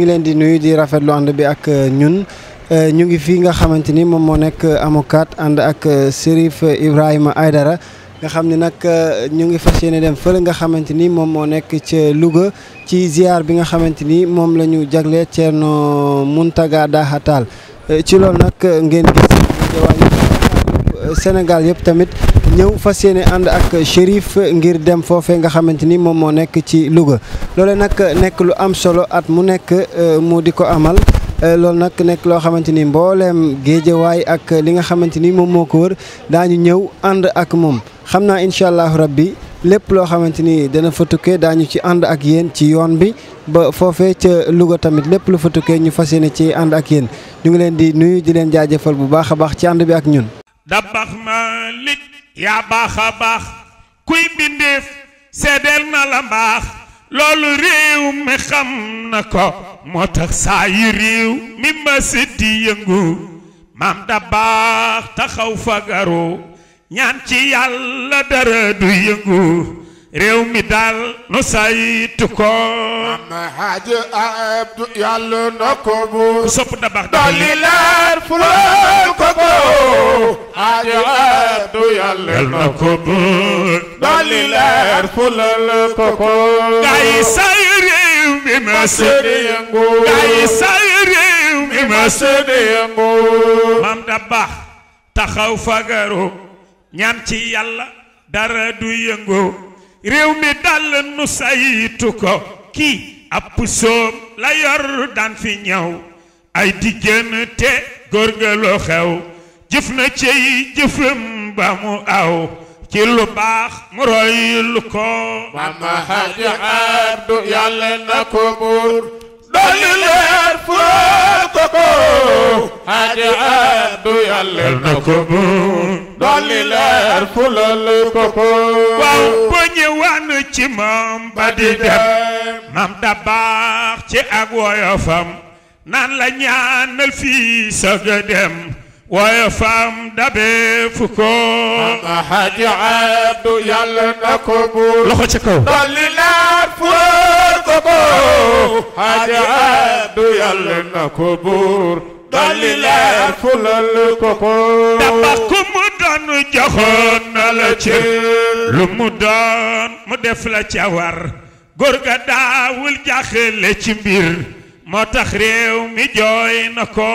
ngi leen di nuyu di rafetlu bi ak euh, ñun euh, ñu ngi fii nga xamante ni moom moo nekk euh, amokat ànd ak Serif Ibrahima Aidara nga xam ne nag ñu ngi yéene dem nga xamante ni moom moo nekk ca Louga ci ziar bi nga xamante ni moom la ñu jagle Thierno Mountaga Daha Tall ci loolu nag ngeen gis Sénégal yëpp tamit. ñëw fas yéene ànd ak Chérif ngir dem foofe nga xamante ni moom moo nekk ci Louga loole nag nekk lu am solo at mu nekk euh, mu di ko amal euh, loolu nag nekk loo xamante ni mbooleem géejawaay ak li nga xamante ni moom moo ko wër daañu ñëw ànd ak moom xam naa incha allahu rabbi lépp loo xamante ni dana fa tukkee daañu ci ànd ak yéen ci yoon bi ba foofe ca Louga tamit lépp lu fa tukkee ñu fas yéene ci ànd ak yéen ñu ngi leen di nuyu di leen jaajëfal bu baax a baax ci ànd bi ak ñun. yaa baax baax kuy mbindéef seedeel na la mbaax loolu réew mi xam na ko moo tax saa yu réew mi masi di yëngu maam da baax taxaw fagaru ñaan ci yàlla dara du yëngu réew mi daal nu saytu ko. Mame Hadj Abdou yàlla na ko bu. sopp da baax dolli leer fulal ko ko. Hadj say réew mi ma séddee yëngu. gaay say réew mi ma séddee yëngu. maam da taxaw fagaru ñaan ci yàlla dara du yëngu. réew mi dal nu saytu ko kii ab soom la yor daan fi ñëw ay diggante góorgëlu xew jëf na ciy jëfam ba mu aw ci lu baax mu roy lu ko mama haji abdu yàlla na ko buur dolli leer foo ko ko buur ànd ci moom ba di la ñaanal fii sëgg daan joxoon na la cër lu mu doon mu def la ca war góor ga daawul jaaxle ci mbir moo tax réew mi jooy na ko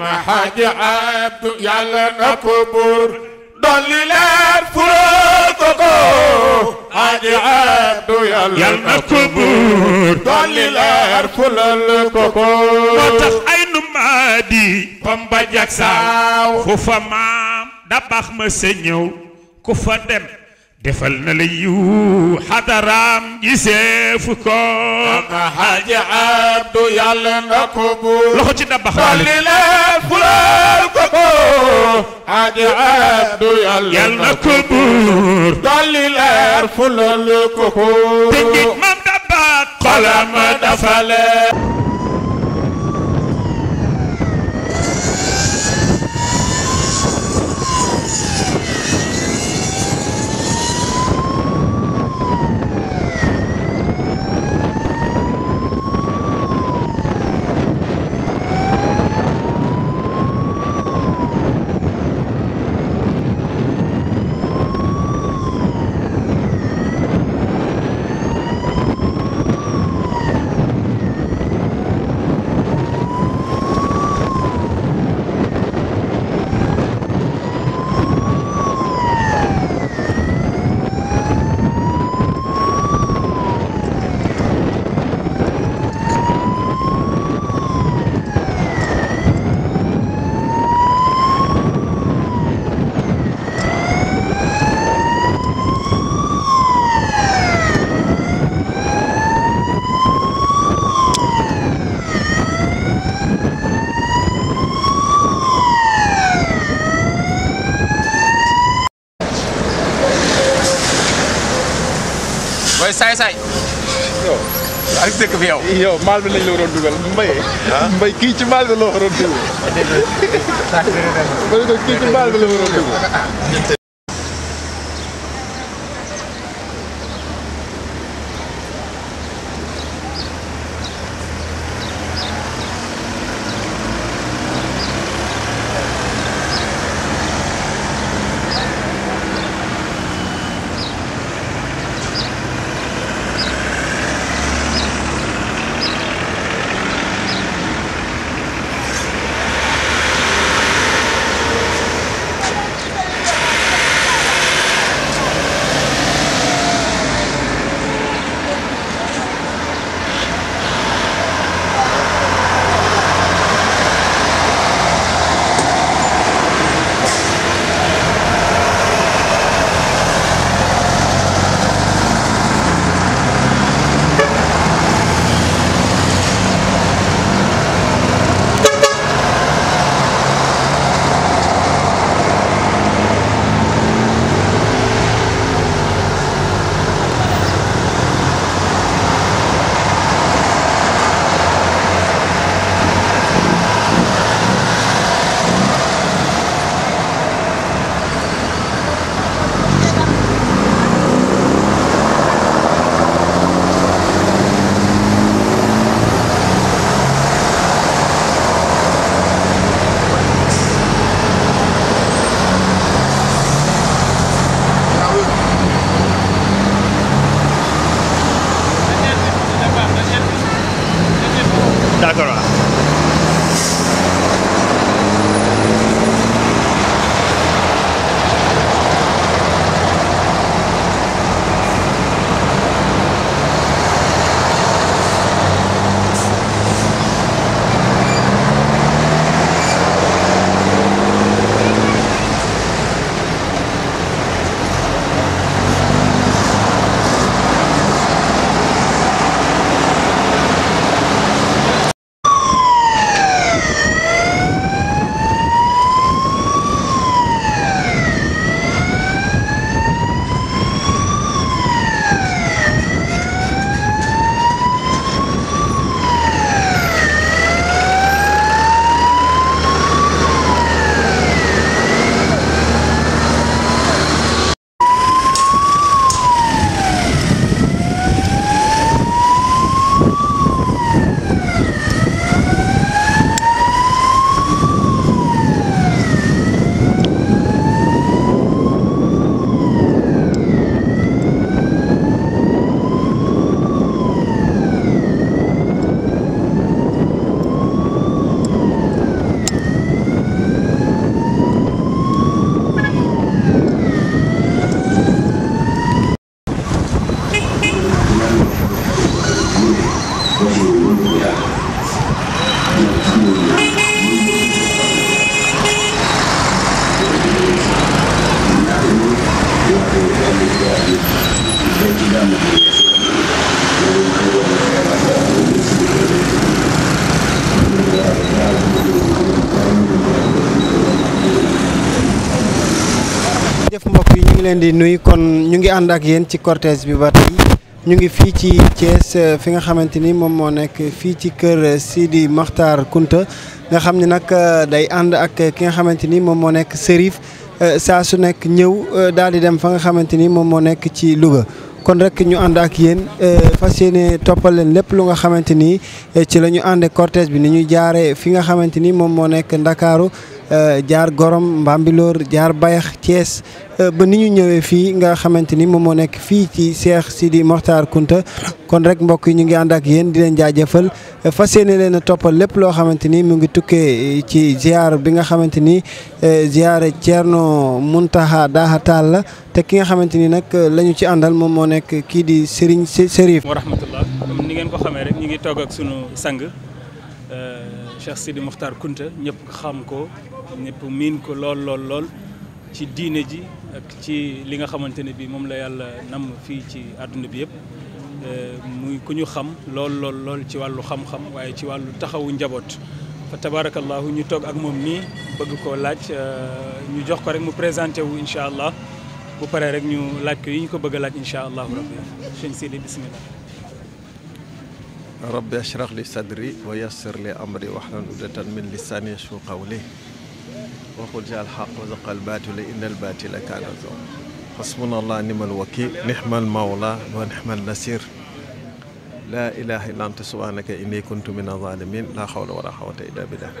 ma xaaji abdu yàlla na ko buur dolli leer fuloo ko ko xaaji abdu yàlla na ko buur dolli leer fuloo ko ko moo tax ay numaadi pamba jak saaw fu fa maa da baax ma sa ñëw dem defal na la yiw xadaraam giseef ko ama abdu yàlla na ko buur loxo ci dabax dolli leen fulaal ko ko xaaji abdu yàlla na ko buur rek dëkk fi maal bi lañ la waroon dugal mbaye. mbay kii ci maal bi la waroon dugal. dégg nga kii ci maal bi la waroon leen di kon ñu ngi ànd ak yéen ci cortège bi ba tey ñu ngi fii ci Thiès fi nga xamante ni moom moo nekk fii ci kër di maxtar Kounta nga xam ni nag euh, day ànd ak ki nga xamante ni moom moo nekk Serif euh, saa su nekk ñëw euh, daal di dem fa nga xamante ni moom moo nekk ci Louga. kon rek ñu ànd ak yéen fas yéene toppal leen lépp lu nga xamante ni ci lañu ñu àndee cortège bi ni ñu jaare fi nga xamante ni moom moo nekk Ndakaaru Euh, jaar Gorom Mbambilor jaar Bayax Thiès euh, ba ni ñu ñëwee fii nga xamante ni moom moo nekk fii ci Cheikh Sidi Mokhtar Kounta kon rek mbokk yi ñu ngi ànd ak yéen di leen jaajëfal fa yéene leen a toppal lépp loo xamante ni mu ngi tukkee ci ziar bi nga xamante ni euh, ziar Thierno Mountaha Daha Tall la te ki nga xamante ni nag lañu ci àndal moom moo nekk kii di Serigne Serif. wa rahmatullah ni ngeen ko xamee rek ñu ngi toog ak sunu sang. Cheikh Sidi Mokhtar Kunta ñëpp xam ko ñëpp miin ko lool lool lool ci diine ji ak ci li nga xamante ne bii moom la yàlla nam fii ci àdduna bi yëpp euh, muy ku ñu xam lool lool lool ci wàllu xam-xam waaye ci wàllu taxawu njaboot fa tabaarakallaahu ñu toog ak moom nii bëgg koo laaj euh, ñu jox ko rek mu présenté wu incha allah bu paree rek ñu laaj ko yi ñu ko bëgg a laaj incha allahu rabbi sëñ Sidi bismillah ربي اشرح لي صدري ويسر لي امري واحلل عقدة من لساني يشفو قولي وقل جاء الحق وزق الباطل ان الباطل كان زوما حسبنا الله نعم الوكيل نعم المولى ونعم النصير لا اله الا انت سبحانك اني كنت من الظالمين لا حول ولا قوه الا بالله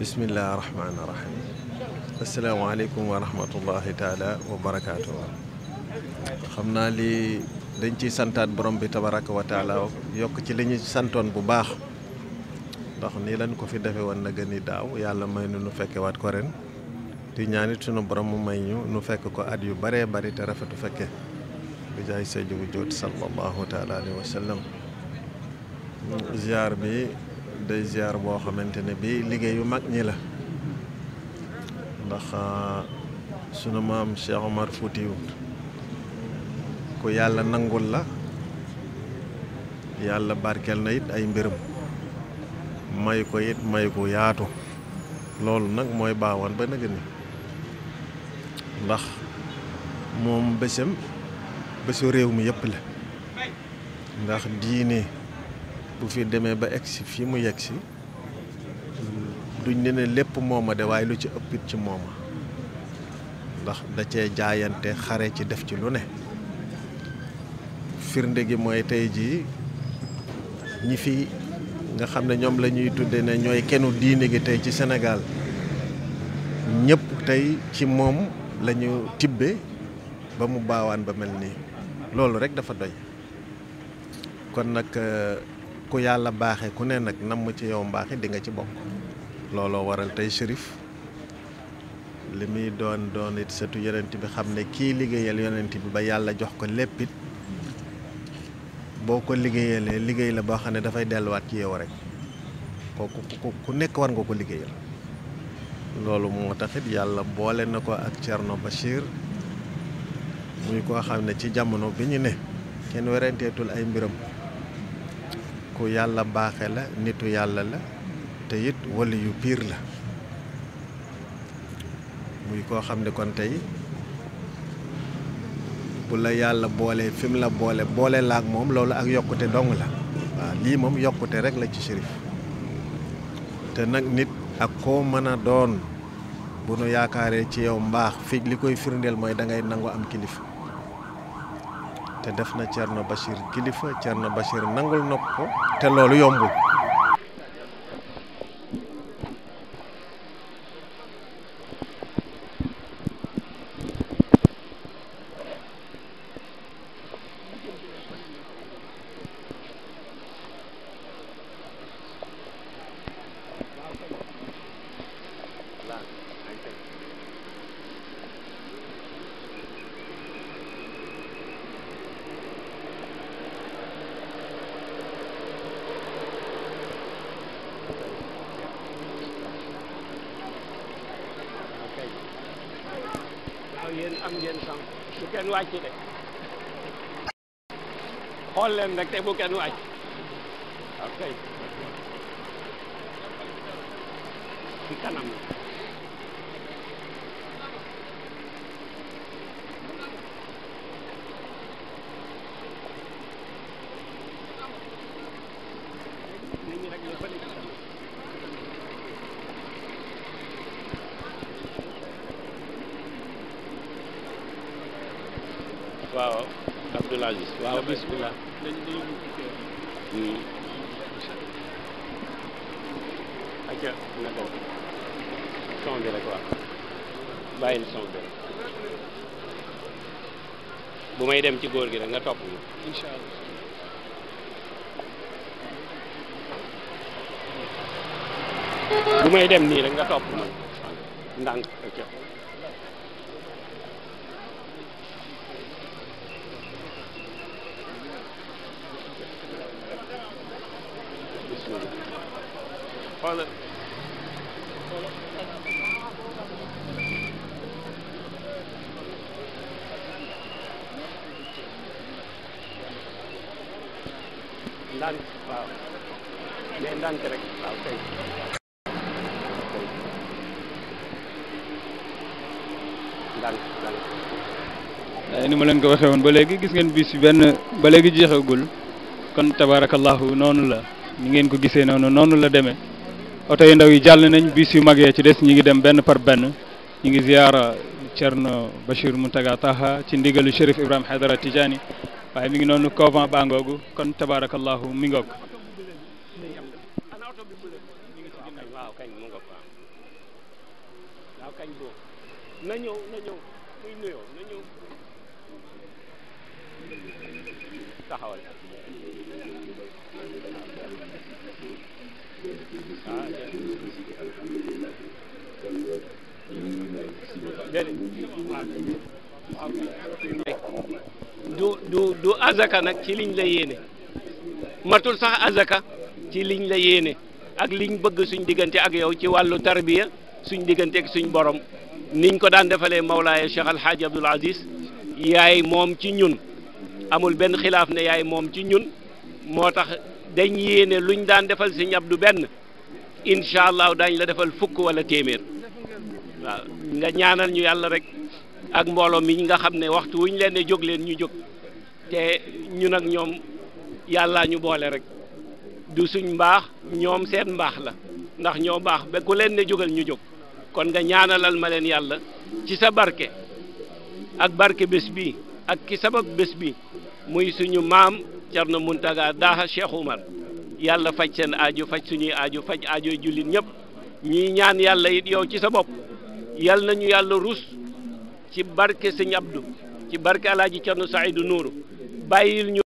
بسم الله الرحمن الرحيم السلام عليكم ورحمه الله تعالى وبركاته xam naa li dañ ciy santaat borom bi tabaraka wa taala yokk ci li ñu santoon bu baax ndax nii lañ ko fi defe woon na gën i daaw yàlla may nu nu fekke waat ko ren di ñaanit sunu borom mu may ñu nu fekk ko at yu baree bari te rafetu fekke bi jaay saydi bu jóot sallallahu taala alayhi wa sallam bi day ziar boo xamante ne bi liggéey yu mag ñi la ndax ah, sunu maam Cheikh Omar Foutiyou ko yàlla nangul la yàlla barkeel na it ay mbiram may ko it may ko yaatu loolu nag mooy baawaan ba nëgë ni ndax moom bésu réew mi yépp la ndax diine bu fi demee ba egsi fi mu yegsi duñ ne ne lépp mooma de waaye lu ci ëppit ci mooma ndax da cee jaayante xare ci def ci lu ne firnde gi mooy tey jii ñi fi nga xam ne ñoom la ñuy tudde ne ñooy kennu diine gi tey ci Sénégal ñépp tey ci moom la ñu tibbe ba mu baawaan ba mel nii loolu rek dafa doy kon nag euh, ku yàlla baaxe ku ne nag namm ci yow mbaaxe di nga ci bokk looloo waral tey Chérif li muy doon doon it sëtu bi xam ne kii liggéeyal yonent bi ba yàlla jox ko léppit boo ko liggéeyalee liggéey la boo xam ne dafay delluwaat ci yow rek kooku ku nekk war nga ko liggéeyal loolu moo taxit yàlla boole na ko ak ba Bachir muy koo xam ne ci jamono bi ñu ne kenn werenteetul ay mbiram ku yàlla baaxe la nitu yàlla la te it wali yu piir la muy koo xam ne kon tey la yàlla boolee fi mu la boole boole la moom loolu ak yokkute dong la waaw lii moom yokkute rek la ci Chérif te nag nit ak koo mën a doon bu nu yaakaaree ci yow mbaax fii li koy firndeel mooy dangay ngay nangu am kilifa te def na Thierno Bachir kilifa Thierno Bachir nangul nopp ko te loolu yombul. kenn wacc de xol len rek te bu kenn wacc ok ci kanam la waaw Abdoul Aziz waaw bismillah aca hmm. na dem son bi rek waaw bàyyil son rek bu may dem ci góor gi rek nga topp ñu bu may dem nii rek nga topp man ndànk aca Toilet. Dan, wow. Dan, Dan, rek waaw kay. ndànk Ini malam kau leen balik lagi woon ba léegi gis ngeen bis benn ba léegi jeexagul kon nonula deme. oto yu ndaw yi jàll nañu bis yu mag yee ci des ñi ngi dem benn par benn ñi ngi ziyaara Cerno Bachir Muntaga Taha ci ndigalu Chérif Ibrahima Haydara Tidiane waaye mi ngi noonu couvent bangoogu kon tabarakallahu mi ngoog déedéet du du du azaka nag ci liñ la yéene matul sax azaka ci liñ la yéene ak liñ bëgg suñ diggante ak yow ci wàllu tarbiya suñ diggante ak suñ borom niñ ko daan defalee Mawlaaya Cheikh Al Hadj Aziz yaay moom ci ñun amul benn xilaaf ne yaay moom ci ñun moo tax dañ yéene luñ daan defal Sëñ Abdu benn incha allah dañ la defal fukk wala téeméer. waaw nga ñaanal ñu yàlla rek ak mbooloo mi nga xam ne waxtu wuñ leen ne jóg leen ñu jóg te ñun nag ñoom yàllaa ñu boole rek du suñ mbaax ñoom seet mbaax la ndax ñoo baax ba leen ne jógal ñu jóg kon nga ñaanalal ma leen yàlla ci sa barke ak barke bés bi ak ki sabab bés bi muy suñu maam Cerno Muntaga Daha Cheikh Oumar yàlla faj seen aajo faj suñuy aajo faj aajo jullit ñëpp ñuy ñaan yàlla it yow ci sa bopp yal nañu yàlla ruus ci barke sëñ Abdou ci barke alaaji Cerno Saidu Nuuru ñu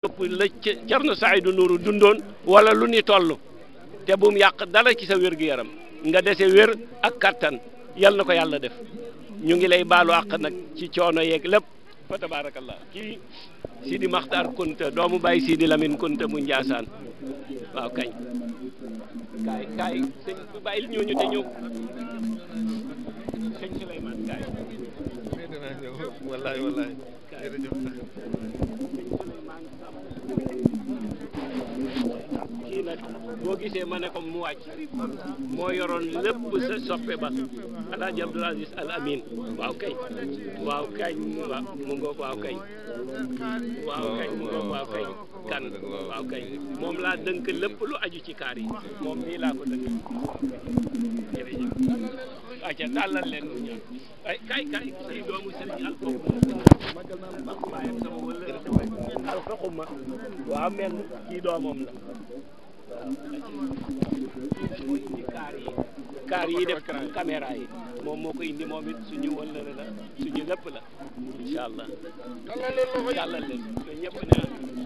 topp la Cerno Saidu dundoon wala lu ni toll te bum yàq dala ci sa wér-gu-yaram nga dese wér ak kàttan yal na ko yàlla def ñu ngi lay baalu àq nag ci coono yeeg lépp fa tabaarakallah kii Sidi Maxtaar Kunta doomu bàyyi Sidi Lamine Kunta mu Njaasaan waaw kañ kaay kaay sëñ bi bàyyil te ñëw sëñ Souleymane kii nag boo gisee ma ne ko mu wàcc moo yoroon lépp sa soppe ba alaaji Abdoul Aziz Al Amin waaw kañ waaw kañ mu ngoog waaw kañ waaw kañ mu ngoog waaw kañ kan waaw kay moom laa dënk lépp lu aju ci kaar yi moom nii laa ko dënk jërëjëf aca tàllal leen mu ñaan ay kay kay si doomu sëriñ alfaxuma sama wala alfaxuma waaw mel kii doomam la mooy indi kaar yi kaar yi def caméra yi moom moo ko moom it suñu wëllëre la suñu lépp la incha allah tàllal leen ñëpp ne